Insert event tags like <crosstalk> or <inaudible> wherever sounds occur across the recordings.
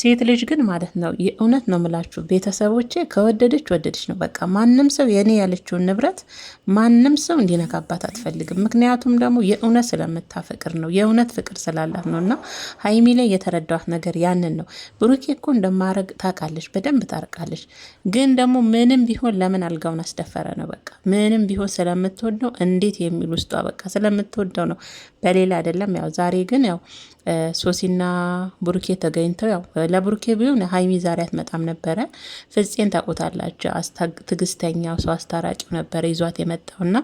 ሴት ልጅ ግን ማለት ነው የእውነት ነው ምላችሁ፣ ቤተሰቦቼ፣ ከወደደች ወደደች ነው በቃ። ማንም ሰው የኔ ያለችውን ንብረት ማንም ሰው እንዲነካባት አትፈልግም። ምክንያቱም ደግሞ የእውነት ስለምታፈቅር ነው የእውነት ፍቅር ስላላት ነው። እና ሀይሚ ላይ የተረዳኋት ነገር ያንን ነው። ብሩኬ እኮ እንደማረግ ታውቃለች፣ በደንብ ታርቃለች። ግን ደግሞ ምንም ቢሆን ለምን አልጋውን አስደፈረ ነው በቃ። ምንም ቢሆን ስለምትወደው እንዴት የሚል ውስጧ በቃ ስለምትወደው ነው፣ በሌላ አይደለም። ያው ዛሬ ግን ያው ሶሲና ብሩኬ ተገኝተው ያው ለብሩኬ ቢሆን ሀይሚ ዛሬ አትመጣም ነበረ። ፍጼን ታቆታላቸው ትግስተኛው ሰው አስታራቂው ነበረ ይዟት የመጣውና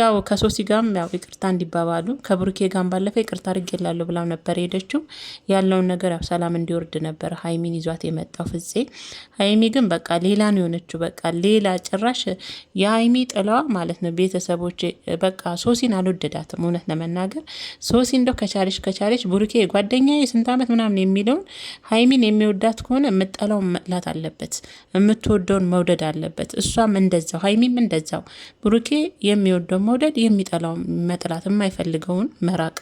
ያው ከሶሲ ጋርም ያው ይቅርታ እንዲባባሉ ከብሩኬ ጋርም ባለፈ ይቅርታ አድርጌላለሁ ብላም ነበር ሄደችው። ያለውን ነገር ያው ሰላም እንዲወርድ ነበር ሀይሚን ይዟት የመጣው ፍፄ። ሀይሚ ግን በቃ ሌላ ነው የሆነችው። በቃ ሌላ ጭራሽ የሀይሚ ጥላዋ ማለት ነው። ቤተሰቦች በቃ ሶሲን አልወደዳትም። እውነት ለመናገር ሶሲ እንደው ከቻለች ከቻለች ብሩኬ ጓደኛ የስንት ዓመት ምናምን የሚለውን ሀይሚን የሚወዳት ከሆነ የምጠላው መጥላት አለበት፣ የምትወደውን መውደድ አለበት። እሷም እንደዛው ሀይሚም እንደዛው ብሩኬ የሚወደው መውደድ የሚጠላው መጥላት የማይፈልገውን መራቅ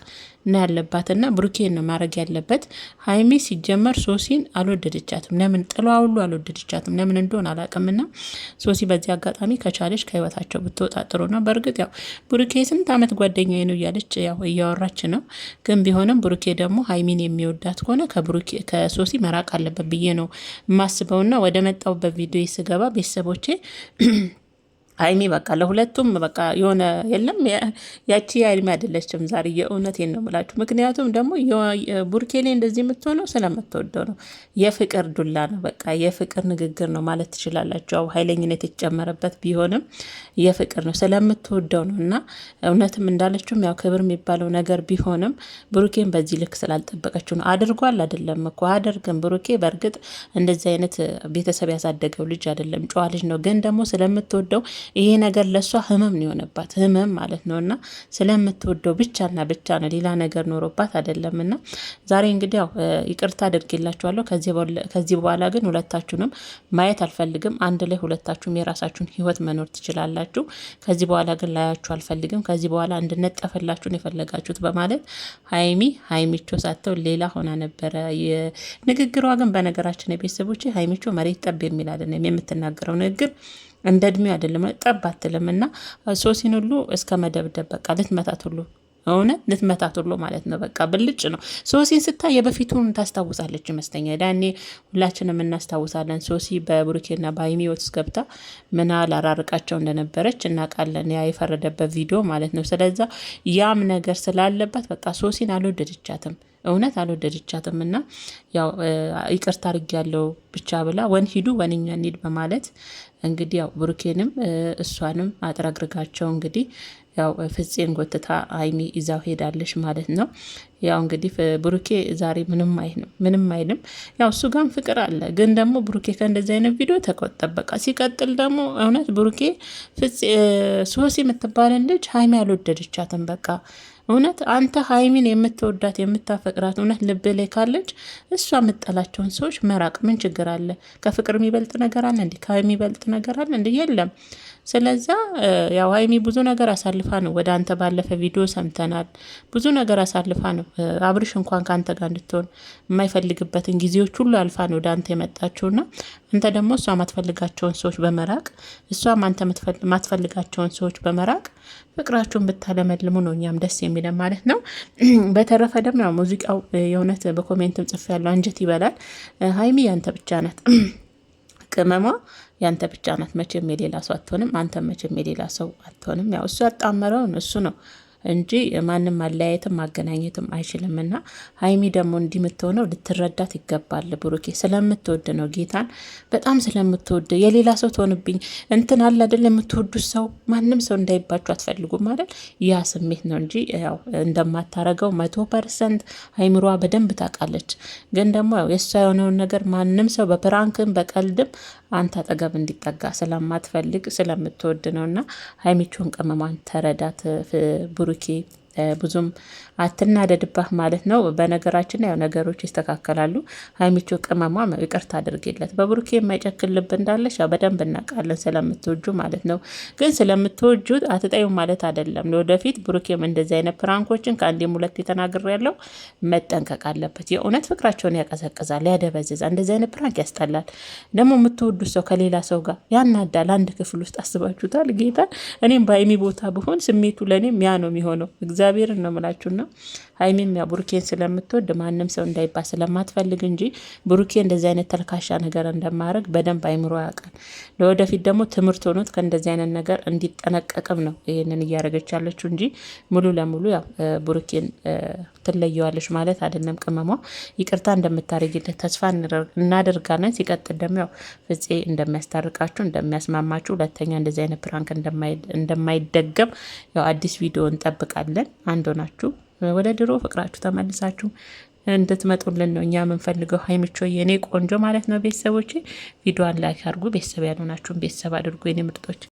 ና ያለባት እና ብሩኬን ነው ማድረግ ያለበት። ሀይሚ ሲጀመር ሶሲን አልወደደቻትም። ለምን ጥሏ ሁሉ አልወደደቻትም። ለምን እንደሆን አላውቅምና ሶሲ በዚህ አጋጣሚ ከቻለች ከህይወታቸው ብትወጣ ጥሩ ነው። በእርግጥ ያው ብሩኬ ስንት ዓመት ጓደኛ ነው እያለች ያው እያወራች ነው። ግን ቢሆንም ብሩኬ ደግሞ ሀይሚን የሚወዳት ከሆነ ከሶሲ መራቅ አለበት ብዬ ነው የማስበውና ወደ መጣሁበት ቪዲዮ ስገባ ቤተሰቦቼ ሀይሚ በቃ ለሁለቱም በቃ የሆነ የለም ያቺ ሀይሚ አይደለችም። ዛሬ የእውነቴን ነው የምላችሁ። ምክንያቱም ደግሞ ቡርኬሌ እንደዚህ የምትሆነው ስለምትወደው ነው። የፍቅር ዱላ ነው በቃ የፍቅር ንግግር ነው ማለት ትችላላችሁ። አው ኃይለኝነት የተጨመረበት ቢሆንም የፍቅር ነው ስለምትወደው ነው እና እውነትም እንዳለችውም ያው ክብር የሚባለው ነገር ቢሆንም ብሩኬን በዚህ ልክ ስላልጠበቀችው ነው። አድርጓል አይደለም እኮ አደርግም። ብሩኬ በእርግጥ እንደዚህ አይነት ቤተሰብ ያሳደገው ልጅ አይደለም፣ ጨዋ ልጅ ነው። ግን ደግሞ ስለምትወደው ይሄ ነገር ለእሷ ህመም ነው የሆነባት ህመም ማለት ነው። እና ስለምትወደው ብቻና ብቻ ነው ሌላ ነገር ኖሮባት አይደለም። እና ዛሬ እንግዲህ ያው ይቅርታ አድርጌላችኋለሁ። ከዚህ በኋላ ግን ሁለታችሁንም ማየት አልፈልግም። አንድ ላይ ሁለታችሁም የራሳችሁን ህይወት መኖር ትችላላችሁ። ከዚህ በኋላ ግን ላያችሁ አልፈልግም። ከዚህ በኋላ እንድነጠፈላችሁን የፈለጋችሁት በማለት ሀይሚ ሀይሚቾ ሳተው ሌላ ሆና ነበረ። ንግግሯ ግን በነገራችን የቤተሰቦች ሀይሚቾ መሬት ጠብ የሚላለን የምትናገረው ንግግር እንደ እድሜው አይደለም ጠብ አትልም። እና ሶሲን ሁሉ እስከ መደብደብ በቃ ልትመታት ሁሉ እውነት ልትመታት ሁሉ ማለት ነው። በቃ ብልጭ ነው። ሶሲን ስታይ የበፊቱን ታስታውሳለች ይመስለኛል። ዳኔ ሁላችንም እናስታውሳለን። ሶሲ በብሩኬና በሀይሚወት ውስጥ ገብታ ምና ላራርቃቸው እንደነበረች እናውቃለን። ያ የፈረደበት ቪዲዮ ማለት ነው። ስለዛ ያም ነገር ስላለባት በቃ ሶሲን አልወደድቻትም፣ እውነት አልወደድቻትም። እና ያው ይቅርታ አድርጊያለሁ ብቻ ብላ ወን ሂዱ ወንኛ እንሂድ በማለት እንግዲህ ያው ብሩኬንም እሷንም አጥረግርጋቸው እንግዲህ ያው ፍፄን ጎትታ ሀይሚ ይዛው ሄዳለች ማለት ነው። ያው እንግዲህ ብሩኬ ዛሬ ምንም አይልም ምንም አይልም። ያው እሱ ጋም ፍቅር አለ፣ ግን ደግሞ ብሩኬ ከእንደዚህ አይነት ቪዲዮ ተቆጠብ በቃ። ሲቀጥል ደግሞ እውነት ብሩኬ ሶሲ የምትባልን ልጅ ሀይሚ አልወደደቻትም በቃ እውነት አንተ ሀይሚን የምትወዳት የምታፈቅራት እውነት ልብ ላይ ካለች እሷ የምጠላቸውን ሰዎች መራቅ ምን ችግር አለ? ከፍቅር የሚበልጥ ነገር አለ እንዲ? ከሀይሚ የሚበልጥ ነገር አለ እንዲ? የለም። ስለዛ ያው ሀይሚ ብዙ ነገር አሳልፋ ነው ወደ አንተ ባለፈ ቪዲዮ ሰምተናል። ብዙ ነገር አሳልፋ ነው አብርሽ እንኳን ከአንተ ጋር እንድትሆን የማይፈልግበትን ጊዜዎች ሁሉ አልፋ ነው ወደ አንተ የመጣችውና አንተ ደግሞ እሷ ማትፈልጋቸውን ሰዎች በመራቅ እሷም አንተ ማትፈልጋቸውን ሰዎች በመራቅ ፍቅራችሁን ብታለመልሙ ነው እኛም ደስ የሚለን ማለት ነው። <clears throat> በተረፈ ደግሞ ያው ሙዚቃው የእውነት በኮሜንትም ጽፍ ያለው አንጀት ይበላል። ሀይሚ ያንተ ብቻ ናት <clears throat> ቅመሟ ያንተ ብቻ ናት። መቼም የሌላ ሰው አትሆንም። አንተ መቼም የሌላ ሰው አትሆንም። ያው እሱ ያጣመረውን እሱ ነው እንጂ ማንም ማለያየትም ማገናኘትም አይችልም። እና ሀይሚ ደግሞ እንዲምትሆነው ልትረዳት ይገባል። ብሩኬ ስለምትወድ ነው፣ ጌታን በጣም ስለምትወድ የሌላ ሰው ትሆንብኝ እንትን አለ አይደል? የምትወዱት ሰው ማንም ሰው እንዳይባችሁ አትፈልጉም አይደል? ያ ስሜት ነው እንጂ ያው እንደማታረገው መቶ ፐርሰንት አይምሯ በደንብ ታውቃለች። ግን ደግሞ ያው የእሷ የሆነውን ነገር ማንም ሰው በፕራንክም በቀልድም አንተ አጠገብ እንዲጠጋ ስለማትፈልግ ስለምትወድ ነው። እና ሀይሚቾን ቅመሟን ተረዳት ብሩ porque ብዙም አትናደድባህ ማለት ነው። በነገራችን ያው ነገሮች ይስተካከላሉ። ሀይሚቾ ቅመሟ ይቅርታ አድርጌለት በብሩኬ የማይጨክል ልብ እንዳለሽ ያው በደንብ እናውቃለን፣ ስለምትወጁ ማለት ነው። ግን ስለምትወጁ አትጠዩ ማለት አይደለም። ለወደፊት ብሩኬም እንደዚህ አይነት ፕራንኮችን ከአንዴም ሁለት የተናግር ያለው መጠንቀቅ አለበት። የእውነት ፍቅራቸውን ያቀዘቅዛል፣ ያደበዝዛል። እንደዚህ አይነት ፕራንክ ያስጠላል። ደግሞ የምትወዱ ሰው ከሌላ ሰው ጋር ያናዳል። አንድ ክፍል ውስጥ አስባችሁታል? ጌታ እኔም በሀይሚ ቦታ ብሆን ስሜቱ ለእኔም ያ ነው የሚሆነው። እግዚአብሔር ነው የምላችሁና ሀይሚም ያ ብሩኬን ስለምትወድ ማንም ሰው እንዳይባ ስለማትፈልግ እንጂ ብሩኬ እንደዚህ አይነት ተልካሻ ነገር እንደማያደርግ በደንብ አይምሮ ያውቃል። ለወደፊት ደግሞ ትምህርት ሆኖት ከእንደዚህ አይነት ነገር እንዲጠነቀቅም ነው ይህንን እያደረገች ያለችው እንጂ ሙሉ ለሙሉ ያው ብሩኬን ትለየዋለች ማለት አይደለም። ቅመሟ ይቅርታ እንደምታደርጊለት ተስፋ እናደርጋለን። ሲቀጥል ደግሞ ያው ፍፄ እንደሚያስታርቃችሁ እንደሚያስማማችሁ፣ ሁለተኛ እንደዚህ አይነት ፕራንክ እንደማይደገም ያው አዲስ ቪዲዮ እንጠብቃለን። አንድ ሆናችሁ ወደ ድሮ ፍቅራችሁ ተመልሳችሁ እንድትመጡልን ነው እኛ የምንፈልገው። ሀይምቾ የኔ ቆንጆ ማለት ነው። ቤተሰቦች ቪዲዮን ላይክ አድርጉ። ቤተሰብ ያልሆናችሁን ቤተሰብ አድርጉ የኔ ምርጦች።